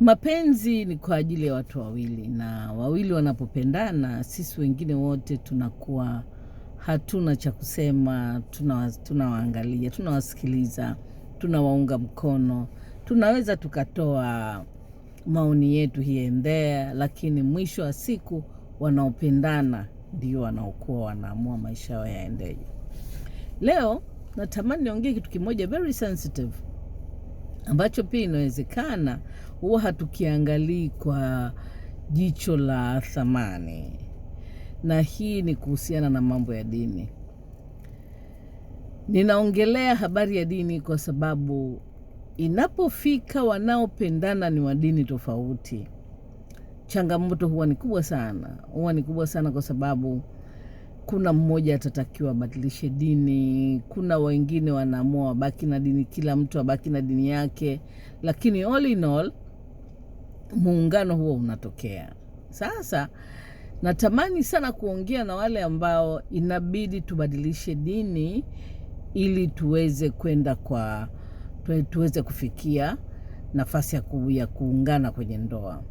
Mapenzi ni kwa ajili ya watu wawili, na wawili wanapopendana, sisi wengine wote tunakuwa hatuna cha kusema, tunawaangalia, tuna tunawasikiliza, tunawaunga mkono, tunaweza tukatoa maoni yetu here and there, lakini mwisho wa siku wanaopendana ndio wanaokuwa wanaamua maisha yao yaendeje. Leo natamani niongee kitu kimoja very sensitive ambacho pia inawezekana huwa hatukiangalii kwa jicho la thamani, na hii ni kuhusiana na mambo ya dini. Ninaongelea habari ya dini kwa sababu inapofika wanaopendana ni wa dini tofauti, changamoto huwa ni kubwa sana, huwa ni kubwa sana kwa sababu kuna mmoja atatakiwa abadilishe dini, kuna wengine wanaamua wabaki na dini, kila mtu abaki na dini yake, lakini all in all muungano huo unatokea. Sasa natamani sana kuongea na wale ambao inabidi tubadilishe dini ili tuweze kwenda kwa tuweze kufikia nafasi ya kuungana kwenye ndoa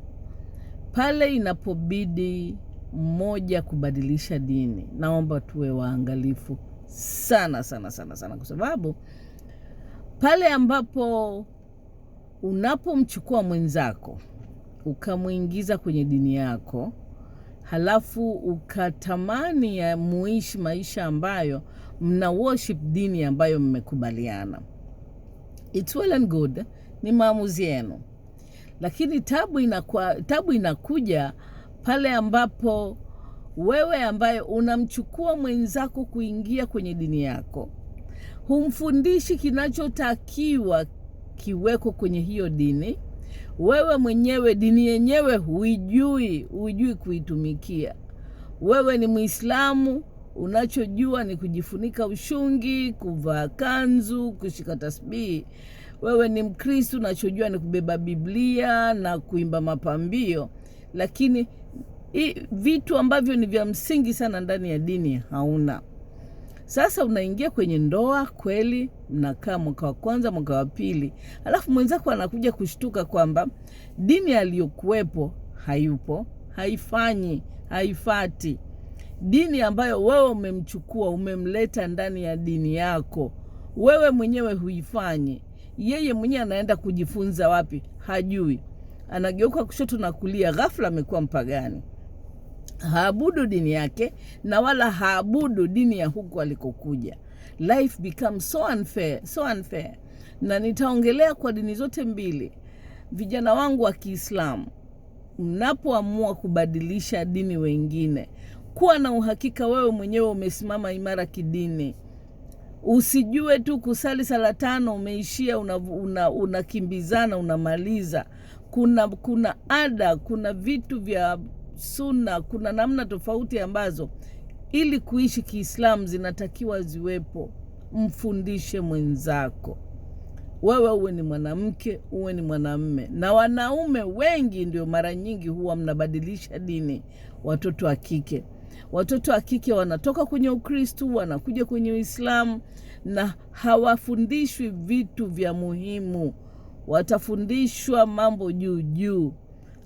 pale inapobidi mmoja kubadilisha dini. Naomba tuwe waangalifu sana sana sana sana, kwa sababu pale ambapo unapomchukua mwenzako ukamwingiza kwenye dini yako, halafu ukatamani ya muishi maisha ambayo mna worship dini ambayo mmekubaliana, it's well and good, ni maamuzi yenu, lakini tabu inakuwa, tabu inakuja pale ambapo wewe ambaye unamchukua mwenzako kuingia kwenye dini yako humfundishi kinachotakiwa kiweko kwenye hiyo dini. Wewe mwenyewe dini yenyewe huijui, huijui kuitumikia. Wewe ni Mwislamu, unachojua ni kujifunika ushungi, kuvaa kanzu, kushika tasbihi. Wewe ni mkristu unachojua ni kubeba Biblia na kuimba mapambio lakini i, vitu ambavyo ni vya msingi sana ndani ya dini hauna. Sasa unaingia kwenye ndoa kweli, mnakaa mwaka wa kwanza, mwaka wa pili, alafu mwenzako anakuja kushtuka kwamba dini aliyokuwepo hayupo, haifanyi, haifati dini ambayo wewe umemchukua umemleta ndani ya dini yako, wewe mwenyewe huifanyi. Yeye mwenyewe anaenda kujifunza wapi? Hajui anageuka kushoto na kulia, ghafla amekuwa mpagani. Haabudu dini yake na wala haabudu dini ya huku alikokuja. Life becomes so unfair, so unfair. Na nitaongelea kwa dini zote mbili, vijana wangu wa Kiislamu, mnapoamua kubadilisha dini wengine, kuwa na uhakika wewe mwenyewe umesimama imara kidini. Usijue tu kusali sala tano umeishia, unakimbizana una, una unamaliza kuna, kuna ada, kuna vitu vya suna, kuna namna tofauti ambazo ili kuishi Kiislamu zinatakiwa ziwepo. Mfundishe mwenzako, wewe uwe ni mwanamke, uwe ni mwanamme. Na wanaume wengi ndio mara nyingi huwa mnabadilisha dini, watoto wa kike watoto wa kike wanatoka kwenye Ukristu wanakuja kwenye Uislamu na hawafundishwi vitu vya muhimu watafundishwa mambo juu juu.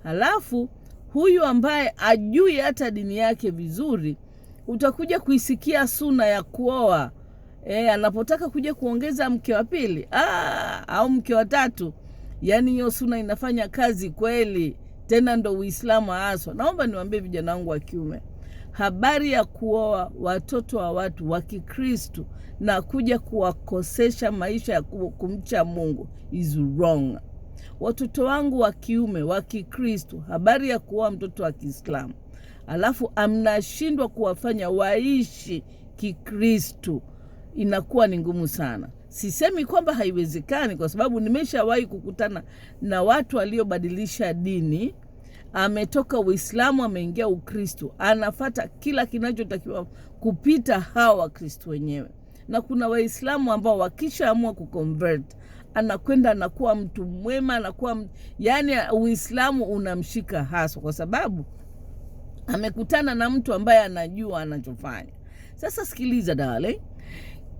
Halafu huyu ambaye ajui hata dini yake vizuri, utakuja kuisikia suna ya kuoa e, anapotaka kuja kuongeza mke wa pili ah, au mke wa tatu. Yaani hiyo suna inafanya kazi kweli, tena ndo Uislamu haswa. Naomba niwaambie vijana wangu wa kiume habari ya kuoa watoto wa watu wa Kikristo na kuja kuwakosesha maisha ya kumcha Mungu is wrong. Watoto wangu wa kiume wa Kikristo, habari ya kuoa mtoto wa Kiislamu alafu amnashindwa kuwafanya waishi Kikristo, inakuwa ni ngumu sana. Sisemi kwamba haiwezekani, kwa sababu nimeshawahi kukutana na watu waliobadilisha dini ametoka Uislamu ameingia Ukristo, anafata kila kinachotakiwa kupita hawa Wakristo wenyewe. Na kuna Waislamu ambao wakishaamua kuconvert anakwenda anakuwa mtu mwema, anakuwa m... Yaani Uislamu unamshika haswa, kwa sababu amekutana na mtu ambaye anajua anachofanya. Sasa sikiliza darling,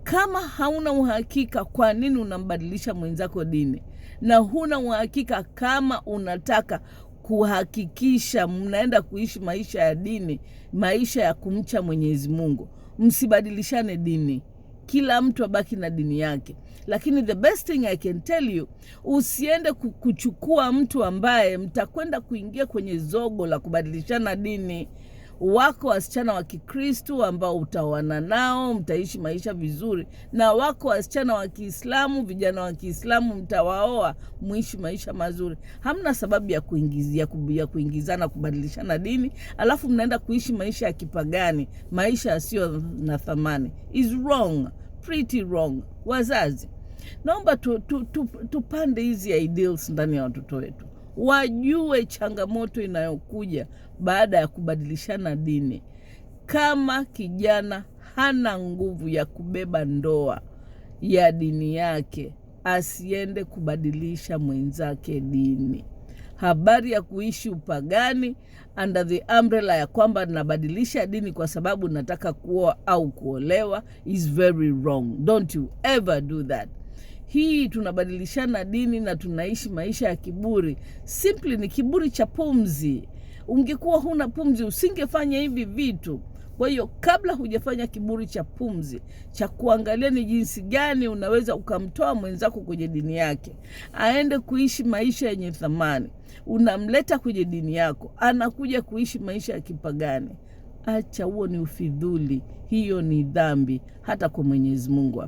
kama hauna uhakika kwa nini unambadilisha mwenzako dini, na huna uhakika kama unataka kuhakikisha mnaenda kuishi maisha ya dini, maisha ya kumcha Mwenyezi Mungu. Msibadilishane dini, kila mtu abaki na dini yake. Lakini the best thing I can tell you, usiende kuchukua mtu ambaye mtakwenda kuingia kwenye zogo la kubadilishana dini wako wasichana wa Kikristu ambao utaoana nao mtaishi maisha vizuri, na wako wasichana wa Kiislamu, vijana wa Kiislamu mtawaoa, mwishi maisha mazuri. Hamna sababu ya kuingizia ya kuingizana, kubadilishana dini, alafu mnaenda kuishi maisha ya kipagani, maisha yasiyo na thamani. Is wrong, pretty wrong. Wazazi, naomba tu, tu, tu, tupande hizi ideals ndani ya watoto wetu wajue changamoto inayokuja baada ya kubadilishana dini. Kama kijana hana nguvu ya kubeba ndoa ya dini yake, asiende kubadilisha mwenzake dini. Habari ya kuishi upagani under the umbrella ya kwamba nabadilisha dini kwa sababu nataka kuoa au kuolewa is very wrong. Don't you ever do that hii tunabadilishana dini na tunaishi maisha ya kiburi. Simply ni kiburi cha pumzi. Ungekuwa huna pumzi usingefanya hivi vitu. Kwa hiyo kabla hujafanya kiburi cha pumzi cha kuangalia ni jinsi gani unaweza ukamtoa mwenzako kwenye dini yake aende kuishi maisha yenye thamani, unamleta kwenye dini yako, anakuja kuishi maisha ya kipagani. Acha, huo ni ufidhuli, hiyo ni dhambi, hata kwa Mwenyezi Mungu